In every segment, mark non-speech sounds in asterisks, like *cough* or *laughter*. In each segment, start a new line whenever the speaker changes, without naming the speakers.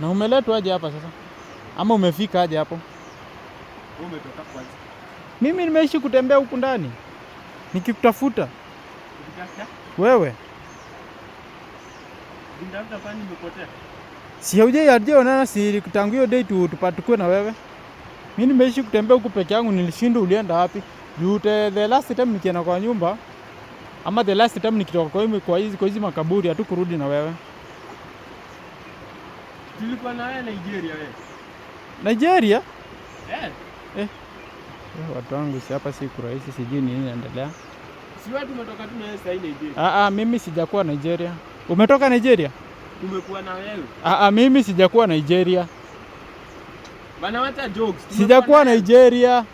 Na umeletwa aje hapa sasa? Ama umefika aje hapo?
Umetoka kwanza.
Mimi nimeishi kutembea huku ndani nikikutafuta wewe, si haujaonana, si tangu hiyo date tupatukue na wewe. Mimi nimeishi kutembea huku peke yangu, nilishindwa ulienda wapi? You the last time nikienda kwa nyumba ama the last time nikitoka kwa hizi makaburi, hatukurudi na wewe.
Tulikuwa Nigeria wewe. Eh. Nigeria? Eh. eh. Eh.
Watu wangu si hapa si kurahisi sijui nini inaendelea.
Si tu na sasa Nigeria.
Ah ah, mimi sijakuwa Nigeria. Umetoka Nigeria?
Tumekuwa na wewe.
Ah ah, mimi sijakuwa Nigeria.
Bana jokes.
Sijakuwa Nigeria.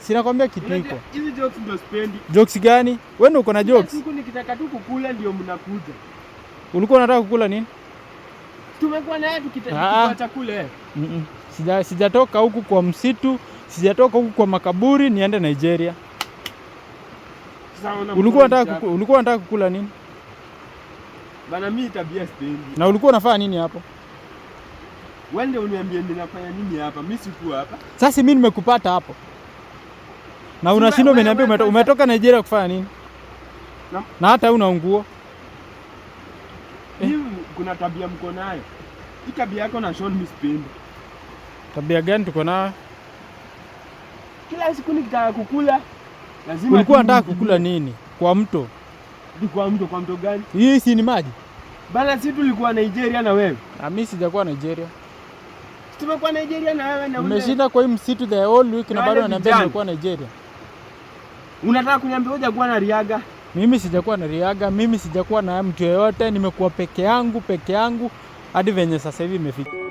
Sinakwambia kitu iko.
Hizi jokes ndio spendi.
Jokes gani? Wewe uko na jokes.
Siku nikitaka tu kukula ndio mnakuja.
Ulikuwa unataka kukula nini?
tumekuwa naye tukitafuta ah. chakula. Mm
-mm. Sija, sijatoka huku kwa msitu, sijatoka huku kwa makaburi niende Nigeria. Ulikuwa unataka kuku, ulikuwa unataka kukula nini?
Bana mimi tabia sipendi.
Na ulikuwa unafanya nini hapo?
Wewe ndio uniambie ninafanya nini hapa? Mimi sikuwa hapa.
Sasa mimi nimekupata hapo. Na unashindwa umeniambia umetoka Nigeria kufanya nini? Na, na hata una nguo
kuna tabia mko nayo. Hii tabia yako na Sean mimi sipendi.
Tabia gani tuko nayo?
Kila siku nikitaka kukula
lazima. Ulikuwa unataka kukula nini? Kwa mto?
Ni kwa mto. Kwa mto gani?
Hii si ni maji
bana. Si tulikuwa Nigeria na wewe?
Na mimi sijakuwa Nigeria.
Tumekuwa Nigeria na wewe
na umeshinda kwa hii msitu the whole week na bado unaniambia nimekuwa Nigeria.
Unataka kuniambia hujakuwa na riaga?
Mimi sijakuwa na Riaga, mimi sijakuwa na mtu yeyote, nimekuwa peke yangu peke yangu hadi venye sasa hivi imefika.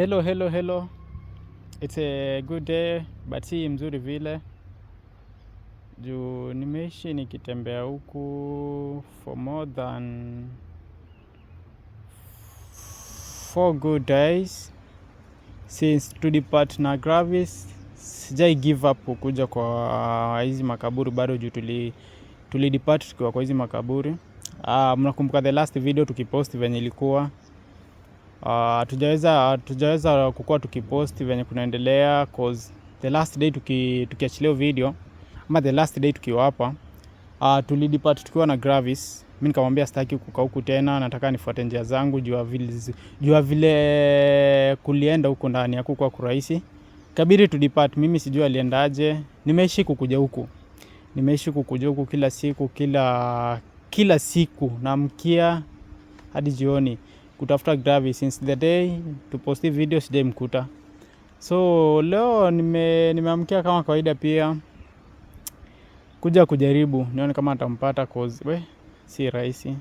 Hello, hello, hello. It's a good day but si mzuri vile juu nimeishi nikitembea huku for more than four good days since to depart na Gravis. Sijai give up kuja kwa hizi makaburi bado juu tuli, tuli depart tukiwa kwa hizi makaburi. Uh, mnakumbuka the last video tukipost venye ilikuwa Ah, hatujaweza uh, tujaweza kukuwa tukiposti venye kunaendelea cause the last day tuki, tukiachilia video ama the last day tukiwa hapa uh, ah, tulidepart tukiwa na Gravis. Mimi nikamwambia sitaki kukaa huku tena, nataka nifuate njia zangu, jua vile, jua vile kulienda huku ndani kwa kurahisi, kabiri tudepart. Mimi sijui aliendaje, nimeishi kukuja huku, nimeishi kukuja huku kila siku, kila kila siku namkia hadi jioni kutafuta Gravy since the day tuposti video sijaimkuta. So leo nime nimeamkia kama kawaida pia kuja kujaribu nione kama atampata cause we si rahisi.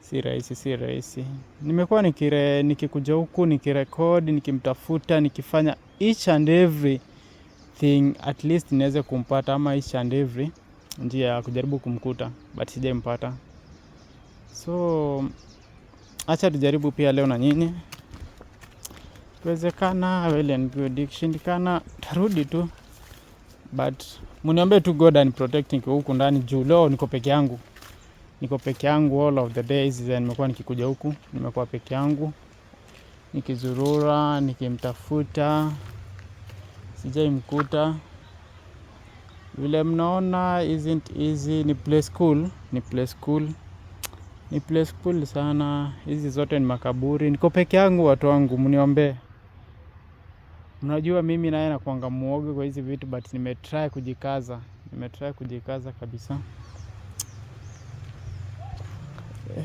Si rahisi, si rahisi. Nimekuwa nikire nikikuja huku nikirecord, nikimtafuta, nikifanya each and every thing at least niweze kumpata ama each and every njia ya kujaribu kumkuta, but sijampata. So Acha tujaribu pia leo na nyinyi, ikiwezekana well and good, ikishindikana tarudi tu, but mniombe tu God and protecting huku ndani juu leo niko peke yangu, niko peke yangu all of the days, nimekuwa nikikuja huku, nimekuwa peke yangu nikizurura, nikimtafuta, sijaimkuta vile mnaona, isn't easy. Ni play school, ni play school. Ni place cool sana. Hizi zote ni makaburi. Niko peke yangu, watu wangu, mniombee. Mnajua mimi naye nakuanga muoga kwa hizi vitu, but nimetry kujikaza, nimetry kujikaza kabisa. Eh.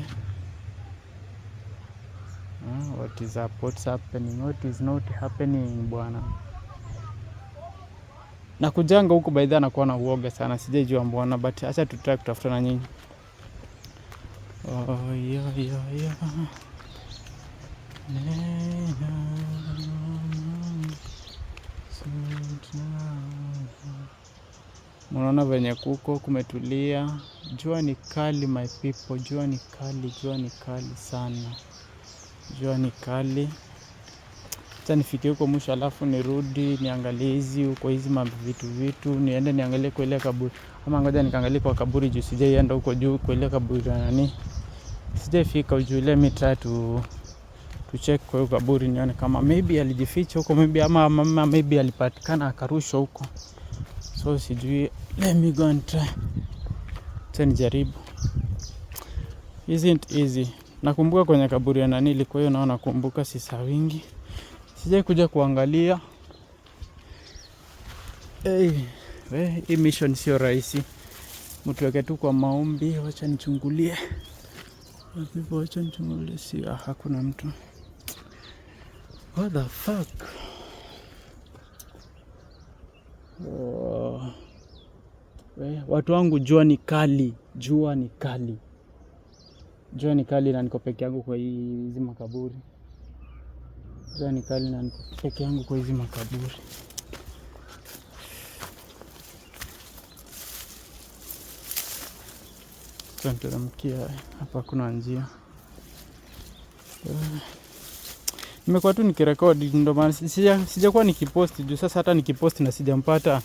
Ah, what is up? What's happening? What is not happening bwana. Nakujanga huku baidhaa nakuwa na uoga sana, sijejua mbona, but acha tutrai kutafuta na nyinyi mnaona venye kuko kumetulia, jua ni kali my people, jua ni kali, jua ni kali sana, jua ni kali. Acha nifikie huko mwisho, alafu nirudi niangalie hizi huko hizi mavitu vitu, niende niangalie kuelea kaburi, ama ngoja nikaangalie kwa kaburi juu sijaenda huko juu kuelea kaburi nani Sijafika ujui, let me try to to check kwa hiyo kaburi nione kama maybe alijificha huko maybe ama mama maybe alipatikana akarushwa huko, so sijui, let me go and try tena jaribu. Isn't easy. Nakumbuka kwenye kaburi ya nani ilikuwa hiyo, naona kumbuka si saa wingi sijai kuja kuangalia. Hey, we, hii mission sio rahisi, Mtu mtuweke tu kwa maombi, wacha nichungulie. Wacha nichungulie, hakuna mtu. What the fuck? Oh. We, eh, watu wangu jua ni kali, jua ni kali, jua ni kali na niko peke yangu kwa hizi makaburi. Jua ni kali na niko peke yangu kwa hizi makaburi. tunateremkia hapa, kuna njia. Eh, nimekuwa tu nikirekodi, ndio maana sijakuwa nikiposti juu sasa hata nikiposti na sijampata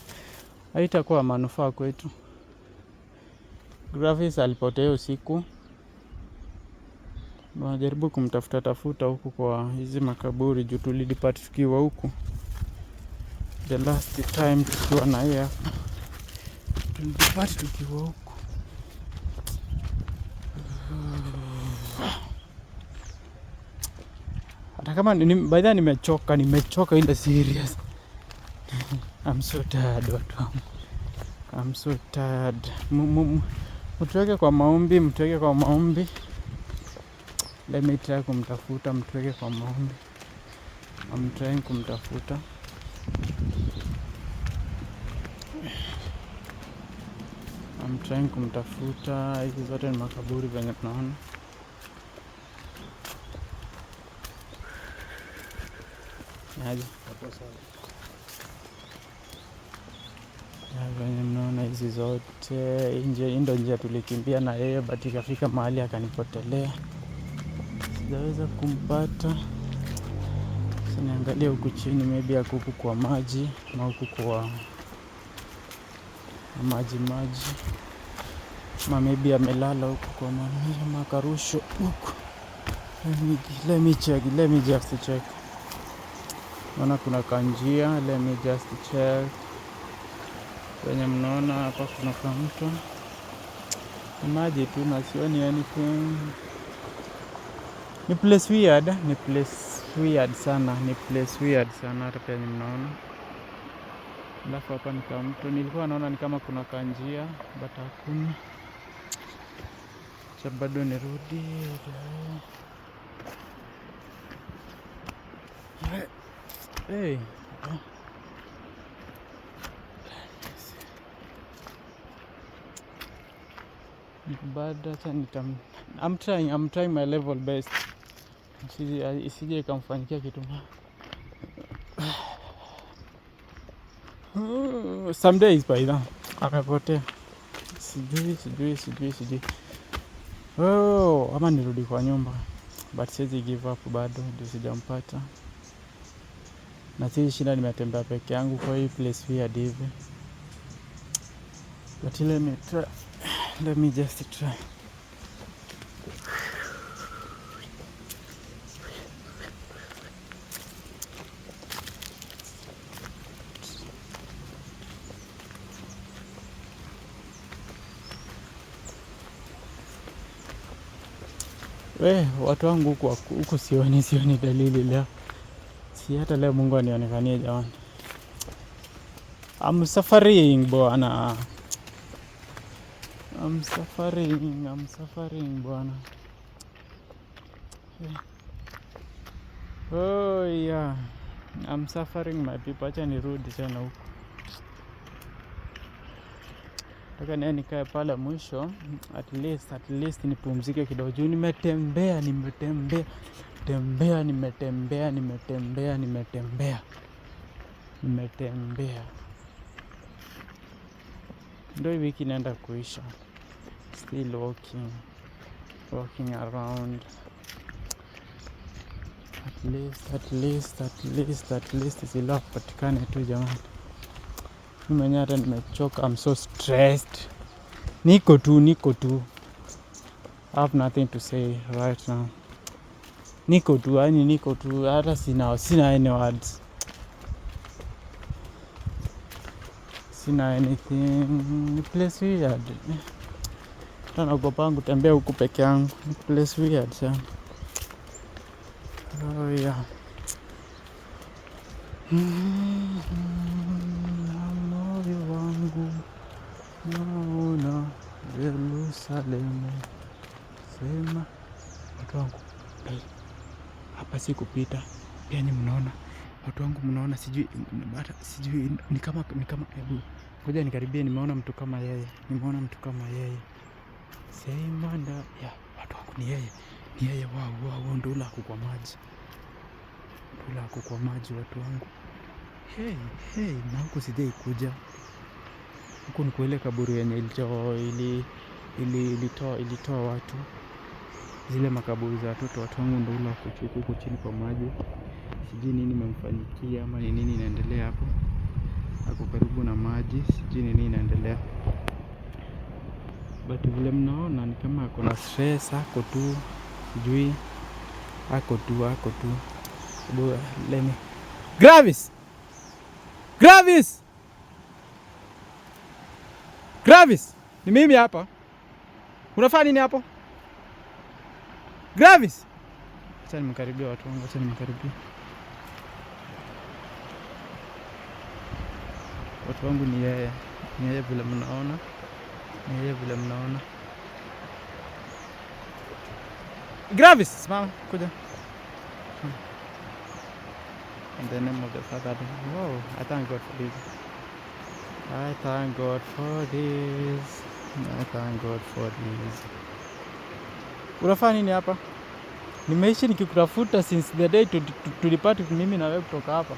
haitakuwa manufaa kwetu. Graphics alipotea usiku, najaribu kumtafuta tafuta huku kwa hizi makaburi juu tulidipati tukiwa huku the last time tukiwa na yeye hapa tulidipati tukiwa huku Na kama by the nimechoka, nimechoka in the serious. I'm so tired watu wangu. I'm so tired. Mtuweke kwa maombi, mtuweke kwa maombi. Let me try kumtafuta, mtuweke kwa maombi. I'm trying kumtafuta. I'm trying kumtafuta. Hizi zote ni makaburi venye tunaona. Aje venye mnaona hizi zote ndo njia tulikimbia na yeye, but ikafika mahali akanipotelea, sijaweza kumpata. Sinaangalia huku chini, maybe ako huku kwa maji na huku kwa maji maji, ma maybe amelala huku kwa makarushwa huku. Let me check, let me just check Naona kuna kanjia, let me just check kwenye. Mnaona hapa kuna kamto maji tu na sioni anything. Ni place weird, ni place weird sana, ni place weird sana hata kwenye mnaona. Alafu hapa ni kamto, nilikuwa naona ni kama kuna kanjia but hakuna cha. Bado nirudi Hey. Bada acha nitam I'm trying, I'm trying my level best. Isije ikamfanyikia kitu. Some days baidha amepotea, sijui sijui sijui sijui. Oh, ama nirudi kwa nyumba, but siwezi give up bado, ndio sijampata na sisi shida, nimetembea peke yangu kwa hii place hii hadi hivi, but let me try, let me just try We watu wangu huku sioni, sioni dalili leo si hata leo Mungu anionekanie jamani. I'm suffering bwana. I'm suffering, I'm suffering bwana. Oh yeah. I'm suffering my people. Acha nirudi tena huko. Nataka naye nikae pale mwisho at least, at least nipumzike kidogo juu nimetembea, nimetembea nimetembea nimetembea nimetembea nimetembea nimetembea, ndio hii wiki inaenda kuisha. Still walking walking around at least at least at least at least zila kupatikane tu jamani, mi mwenyewe hata nimechoka. I'm so stressed, niko tu niko tu, I have nothing to say right now niko tu yani, niko tu hata sina sina any words, sina anything. Place weird, hata naogopa kutembea huku peke yangu. Place weird sana. Oh yeah. Mm -hmm. Moyo mm-hmm. wangu naona Yerusalemu, sema watu wangu hey hapa si kupita. Pia ni mnaona watu wangu, mnaona sijui, sijui ni kama ni kama, hebu ngoja nikaribie. Nimeona mtu kama yeye, nimeona mtu kama yeye sema ya watu wangu, ni yeye, ni yeye. Wao wao ndio la kwa maji, ndio la kwa maji watu wangu. Hey, hey, na huku sijai kuja huko ni kueleka kaburi yenye ilitoa ilitoa ilitoa watu zile makaburi za watoto watangu ndio ule kuchuku huko chini kwa maji. Sijui nini imemfanyikia ama ni nini inaendelea hapo. Ako karibu na maji, sijui nini inaendelea. But vile mnaona ni kama ako na stress, ako tu sijui, ako tu ako tu. Bora leme. Gravis. Gravis. Gravis. Ni mimi hapa. Unafanya nini hapo? Gravis. Acha nimekaribia watu wangu, acha nimekaribia watu wangu. Ni yeye, ni yeye vile mnaona, ni yeye vile mnaona. Gravis, simama, kuja. In the name of the Father. Wow, I thank God for this. I thank God for this. I thank God for this. Unafanya nini hapa? Nimeishi nikikutafuta since the day tulipati mimi na wewe kutoka hapa.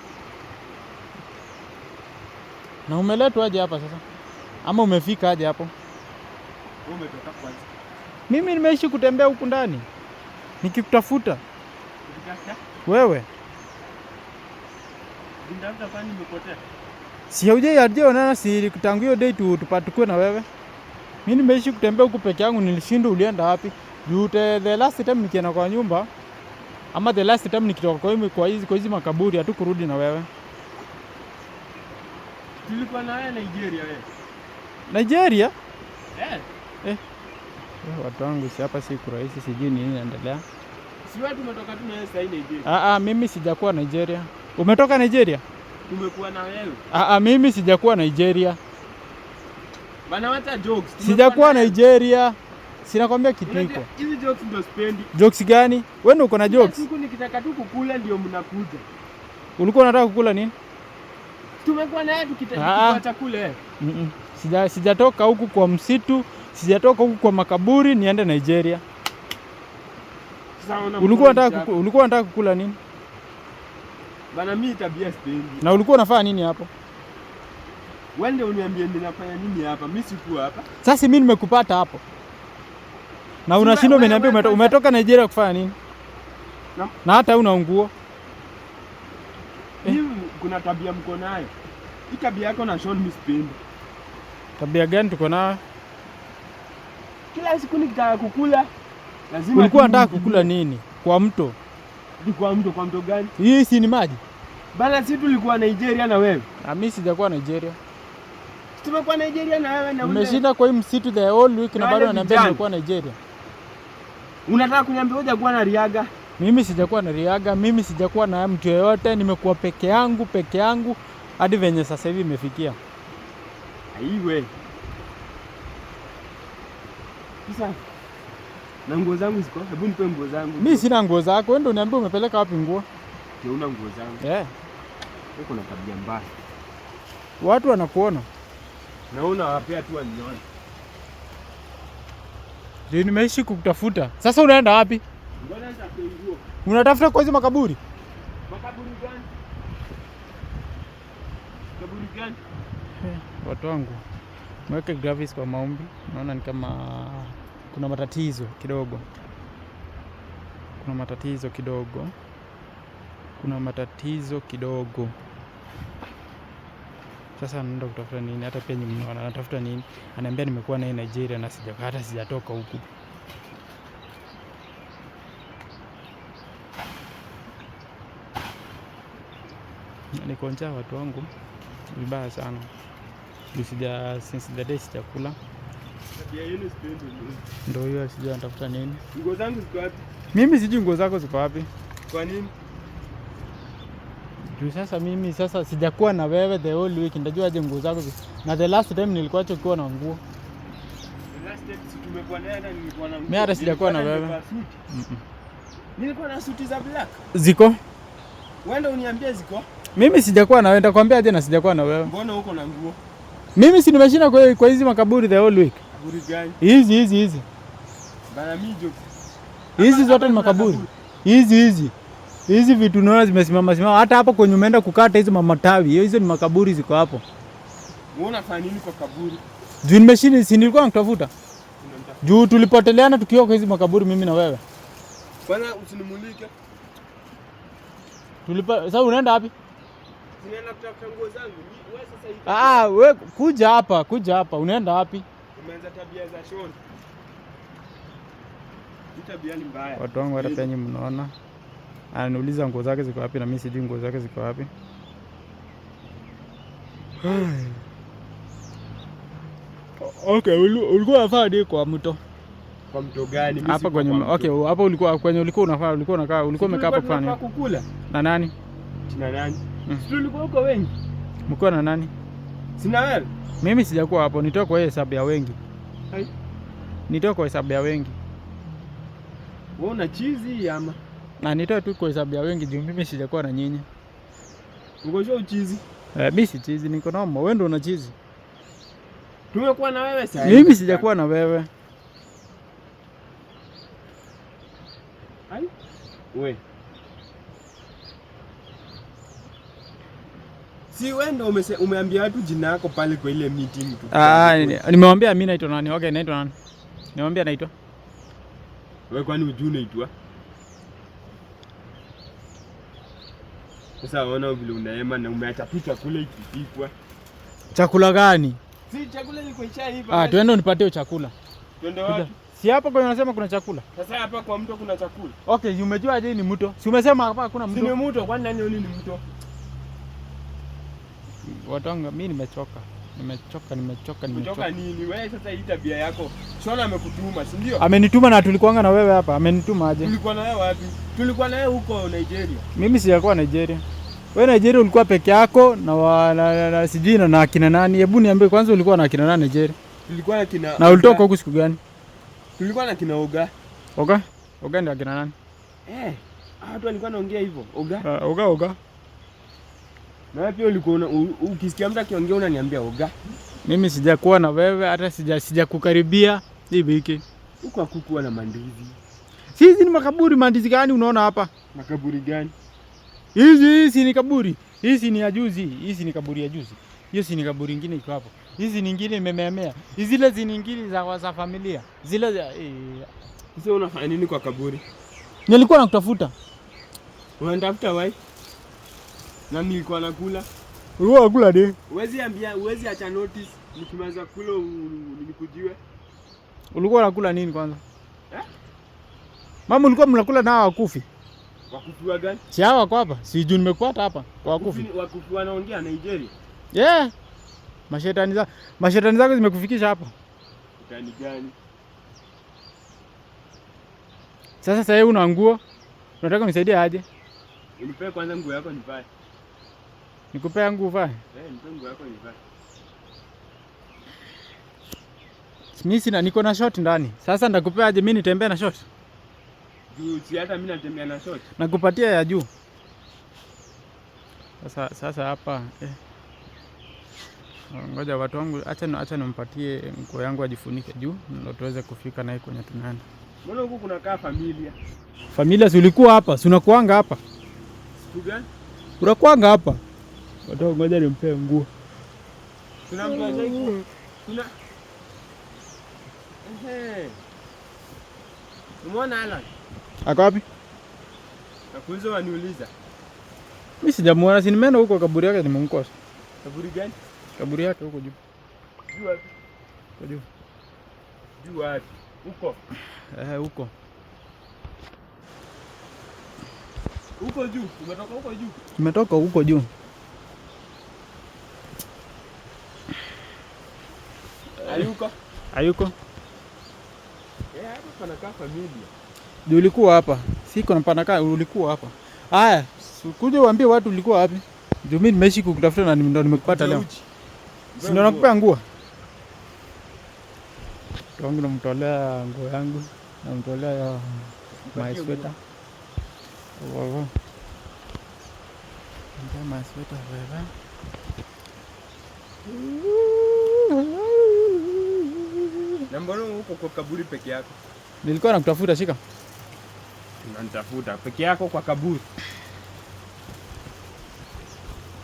Na umeletwa aje hapa sasa? Ama umefika aje hapo?
Umetoka kwanza.
Mimi nimeishi kutembea huku ndani nikikutafuta wewe si haujaonana, si tangu hiyo day tupatukue na wewe. Mimi nimeishi kutembea huku peke yangu, nilishindwa ulienda wapi? Yute the last time nikienda kwa nyumba ama the last time nikitoka kwa hizi kwa hizi kwa hizi makaburi hatukurudi na wewe.
Tulikuwa na wewe Nigeria wewe. Nigeria? Eh. Eh. eh
watu wangu si hapa si kurahisi sijui nini inaendelea.
Si wewe tumetoka tu na wewe sasa Nigeria.
Ah ah, mimi sijakuwa Nigeria. Umetoka Nigeria?
Tumekuwa na wewe.
Ah ah, mimi sijakuwa Nigeria.
Bana wacha jokes.
Sijakuwa Nigeria. Sinakwambia kitu iko.
Hizi jokes ndio sipendi.
Jokes gani? Wewe ndio uko na jokes.
Huku nikitaka tu kukula ndio mnakuja.
Ulikuwa unataka kukula nini?
Tumekuwa na tukitaka ah, ah. kitaka chakula. Mhm.
Sija sijatoka huku kwa msitu, sijatoka huku kwa makaburi niende Nigeria. Ulikuwa unataka kukula, ulikuwa unataka kukula nini?
Bana mimi tabia sipendi.
Na ulikuwa unafanya nini hapo?
Wende ndio uniambie ninafanya nini hapa? Mimi sikuwa hapa.
Sasa mimi nimekupata hapo na unashindwa umeniambia umetoka, umetoka Nigeria kufanya nini no? na hata una nguo.
eh. Kuna tabia mko nayo, hii tabia yako na Sean misipendi.
Tabia gani tuko nayo?
Kila siku nikitaka kukula
lazima. Ulikuwa unataka kukula nini? Kwa mto?
Ni Kwa mto, kwa mto gani?
Hii si ni maji
bana, si tulikuwa Nigeria na wewe.
Na mimi sijakuwa Nigeria.
Tumekuwa Nigeria na wewe na
ule. Umeshinda kwa hii msitu the whole week na bado ananiambia nimekuwa Nigeria.
Unataka kuniambia wewe hujakuwa na riaga?
Mimi sijakuwa na riaga, mimi sijakuwa na mtu yeyote, nimekuwa peke yangu peke yangu hadi venye sasa hivi imefikia.
Aiwe. Sasa na nguo zangu ziko? Hebu nipe nguo zangu.
Mimi sina nguo zako. Wewe ndio uniambia umepeleka wapi nguo?
Ndio una nguo zangu. Eh. Yeah. Uko na tabia mbaya.
Watu wanakuona.
Naona wapi, tu wanione.
Ndio nimeishi kukutafuta. Sasa unaenda wapi? Unatafuta kwa hizo makaburi?
Makaburi gani? Makaburi gani?
Hey, *laughs* watu wangu mweke Gravis kwa maombi. Naona ni kama kuna matatizo kidogo, kuna matatizo kidogo, kuna matatizo kidogo. Sasa naenda kutafuta nini? Hata pia nyumbani anatafuta nini? Ananiambia nimekuwa naye Nigeria na sija hata sijatoka huku. Niko watu wangu vibaya sana. Sija since the day sijakula. Ndio hiyo sija natafuta nini?
Nguo zangu ziko wapi?
Mimi sijui nguo zako ziko wapi. Kwa nini? juu sasa mimi sasa sijakuwa na wewe the whole week, ndajua aje nguo zako, na the last time nilikuwa chokuwa na nguo mimi hata sijakuwa na wewe.
Nilikuwa na suti za black. Ziko? Wewe uniambie ziko?
Mimi sijakuwa na wewe, ndakwambia aje na sijakuwa na wewe.
Mbona uko na nguo?
Mimi si nimeshinda kwa kwa hizi makaburi the whole week. Kaburi gani? Hizi hizi hizi. Bana mimi hizi zote ni makaburi. Hizi hizi hizi vitu naona zimesimama simama, hata hapo kwenye umeenda kukata hizo mamatawi, hizo ni makaburi ziko hapo.
Unaona fanya nini kwa kaburi?
Juu nimeshinda, si nilikuwa nakutafuta juu tulipoteleana kwa hizi makaburi, mimi na wewe.
Kwanza usinimulike.
Tulipa sasa, unaenda wapi?
Ninaenda kutafuta nguo zangu. Wewe sasa hivi.
Ah, wewe ah, kuja hapa, kuja hapa. Unaenda wapi?
Umeanza tabia za shoni. Tabia ni mbaya.
Watu wangu hata penye mnaona ananiuliza nguo zake ziko wapi, na mimi sijui nguo zake ziko wapi. Okay, ulikuwa unafaa nini kwa mto?
Kwa mto gani?
Hapa kwenye okay, hapo ulikuwa kwenye ulikuwa unafaa ulikuwa unakaa ulikuwa umekaa hapo kwa nani? Na nani?
Na nani. Mm. Sisi tulikuwa huko wengi. Mko na nani? Sina wewe.
Mimi sijakuwa hapo, nitoka kwa hesabu ya wengi. Hai. Nitoka kwa hesabu ya wengi.
Wewe una chizi ama?
na nitoe tu kwa hesabu ya wengi juu mimi sijakuwa na nyinyi.
Uko sure uchizi?
Eh, mimi si chizi, niko na mama. Wewe ndio una chizi.
Tumekuwa na wewe sasa.
Mimi sijakuwa na wewe.
Ai? Wewe. Si wewe ndio umese umeambia watu jina yako pale kwa ile meeting tu.
Ah, ah nimewambia mimi naitwa nani? Okay, naitwa nani? Nimewambia naitwa.
Wewe kwani unajua naitwa? Sasa waona vile unaema na umeacha tu chakula ikipikwa.
Chakula gani?
Si chakula ni iko ishaiva.
Ah, twende unipatie chakula. Twende wapi? Si hapa kwa unasema kuna chakula.
Sasa hapa kwa mto kuna chakula.
Okay, umejua je ni mto? Si umesema hapa kuna mto.
Si ni mto, kwani nani yoni ni mto?
Watanga, mimi nimechoka. Nimechoka, nimechoka,
nimechoka. Nini wewe sasa, hii tabia yako? Shona amekutuma, si ndio?
Amenituma na tulikuanga na wewe hapa. Amenituma aje?
Tulikuwa na wewe wapi? Tulikuwa na wewe huko Nigeria.
Mimi sijakuwa Nigeria. Wewe Nigeria ulikuwa peke yako na wala sijui na akina nani. Hebu niambie kwanza, ulikuwa na akina nani Nigeria?
Tulikuwa na kina
Na ulitoka huko siku gani?
Tulikuwa na kina Oga.
Oga? Oga ndio akina nani?
Eh, watu walikuwa naongea hivyo. Oga. Uh, oga, oga. Na pia ulikuwa ukisikia mtu akiongea unaniambia oga.
Mimi sijakuwa na wewe hata sija sijakukaribia hiki.
Huko hakukuwa na mandizi.
Hizi ni makaburi. Mandizi gani unaona hapa?
Makaburi gani?
Hizi hizi ni kaburi. Hizi ni ya juzi. Hizi ni kaburi ya juzi. Hiyo si ni kaburi nyingine iko hapo. Hizi nyingine imemeamea. Hizi Zile zingine za za familia. Zile za eh.
Sasa unafanya nini kwa kaburi?
Nilikuwa nakutafuta.
Unanitafuta wapi? Na nilikuwa nakula.
Ulikuwa unakula de?
Uwezi ambia, uwezi acha notice nikimaliza kula nilikujue.
Ulikuwa unakula nini kwanza? Eh? Mama ulikuwa mnakula na wakufi?
Wakufi wa gani?
Si hawa kwa hapa. Si juu nimekuata hapa kwa wakufi.
Wakufi wanaongea Nigeria.
Yeah. Mashetani zako, mashetani zako zimekufikisha hapa. Gani gani? Sasa sasa, wewe una nguo. Unataka unisaidie aje?
Unipe kwanza nguo yako nivae
nikupea yangu uvae? Eh, mimi sina, niko na short ndani. Sasa ndakupea aje? Mimi nitembea na short?
Juu si hata mimi natembea na short.
Nakupatia ya juu. Sasa sasa hapa eh. Ngoja watu wangu, acha acha nimpatie nguo yangu ajifunike juu ndio tuweze kufika naye kwenye tunaenda.
Mbona huko kuna kaa familia?
Familia si ulikuwa hapa? Si unakuanga hapa? Unakuanga hapa? Watoto ngoja nimpe nguo.
Kuna kuna mtu ehe, Umeona Alan? Ako wapi? Nakuuliza waniuliza.
Mimi sijamuona, si nimeenda huko kaburi yake nimemkosa. Kaburi gani? Kaburi yake huko juu. Juu wapi? Huko juu.
Juu wapi? Huko. Eh, huko. Huko juu. Umetoka huko juu?
Umetoka huko juu. Hayuko. Hayuko.
Eh, hapa panakaa familia.
Ndio ulikuwa hapa. Siko na panakaa ulikuwa hapa. Haya, kuja uambie watu ulikuwa wapi? Ndio mimi nimeishi kukutafuta na ndio nimekupata leo. Si ndio nakupea nguo? Tongo namtolea nguo yangu, namtolea my sweater. Wow. Ndio my sweater wewe.
Na mbona kwa kaburi peke yako?
Nilikuwa nakutafuta, shika.
Unanitafuta peke yako kwa kaburi?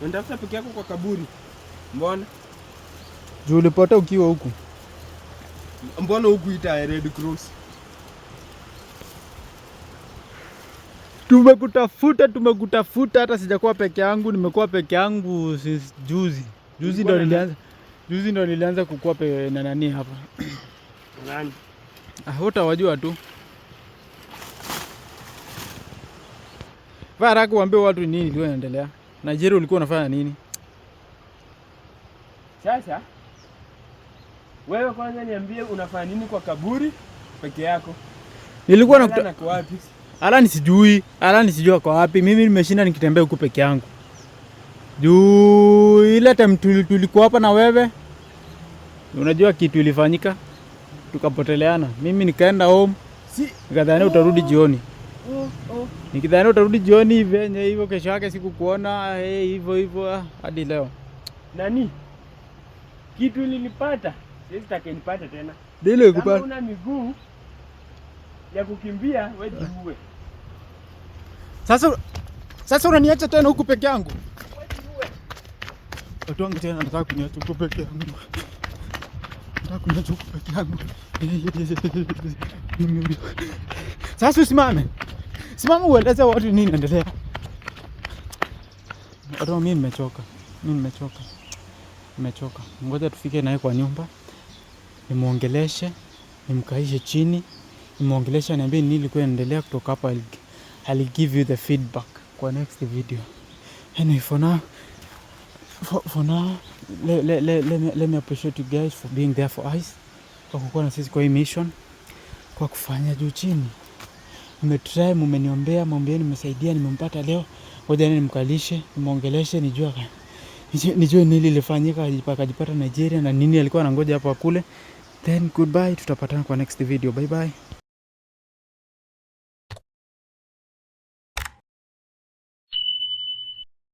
Unanitafuta peke yako kwa kaburi? Mbona?
Juu ulipotea ukiwa huku.
Mbona hukuita Red Cross?
Tumekutafuta, tumekutafuta, hata sijakuwa peke yangu. Nimekuwa peke yangu since juzi. Juzi ndo nilianza, juzi ndo nilianza kukua pe na nani hapa *clears throat* Nani? Ah, utawajua tu. Vara kuambia watu nini ilikuwa inaendelea. Nigeria ulikuwa unafanya nini?
Sasa wewe kwanza niambie unafanya nini kwa kaburi peke yako? Nilikuwa nakuta wapi?
Ala ni sijui, ala ni sijui kwa wapi. Mimi nimeshinda nikitembea huku peke yangu. Juu ile time tulikuwa hapa na wewe. Unajua kitu ilifanyika? tukapoteleana. Mimi nikaenda home si, nikadhani oh, utarudi jioni oh, oh. Nikidhani utarudi jioni venye hivyo, kesho yake sikukuona hivyo hey, hivyo ah, hadi leo.
Nani kitu ilinipata, siwezi takenipata tena.
Dile kupata.
Una miguu ya kukimbia wewe jiue.
Sasa sasa unaniacha tena huku peke yangu. Watu wangu tena nataka kuniacha huku peke yangu nataka kuenda huko peke yangu. Sasa usimame, simama ueleze watu nini inaendelea. Roho, mimi nimechoka, mimi nimechoka, nimechoka. Ngoja tufike naye kwa nyumba, nimwongeleshe, nimkaishe chini, nimwongeleshe, niambie nini ilikuwa inaendelea. Kutoka hapa I'll give you the feedback kwa next video. Anyway, for now for, for now let, let, let, let, me, let me appreciate you guys for being there for us, kwa kukuwa na sisi kwa hii mission, kwa kufanya juu chini. Nimetry, mumeniombea, maombieni nimesaidia, nimempata leo. Ngoja nimkalishe, nimuongeleshe, nijue nijue nini lilifanyika akajipata Nigeria na nini alikuwa anangoja hapo kule. Then goodbye, tutapatana kwa next video. Bye bye.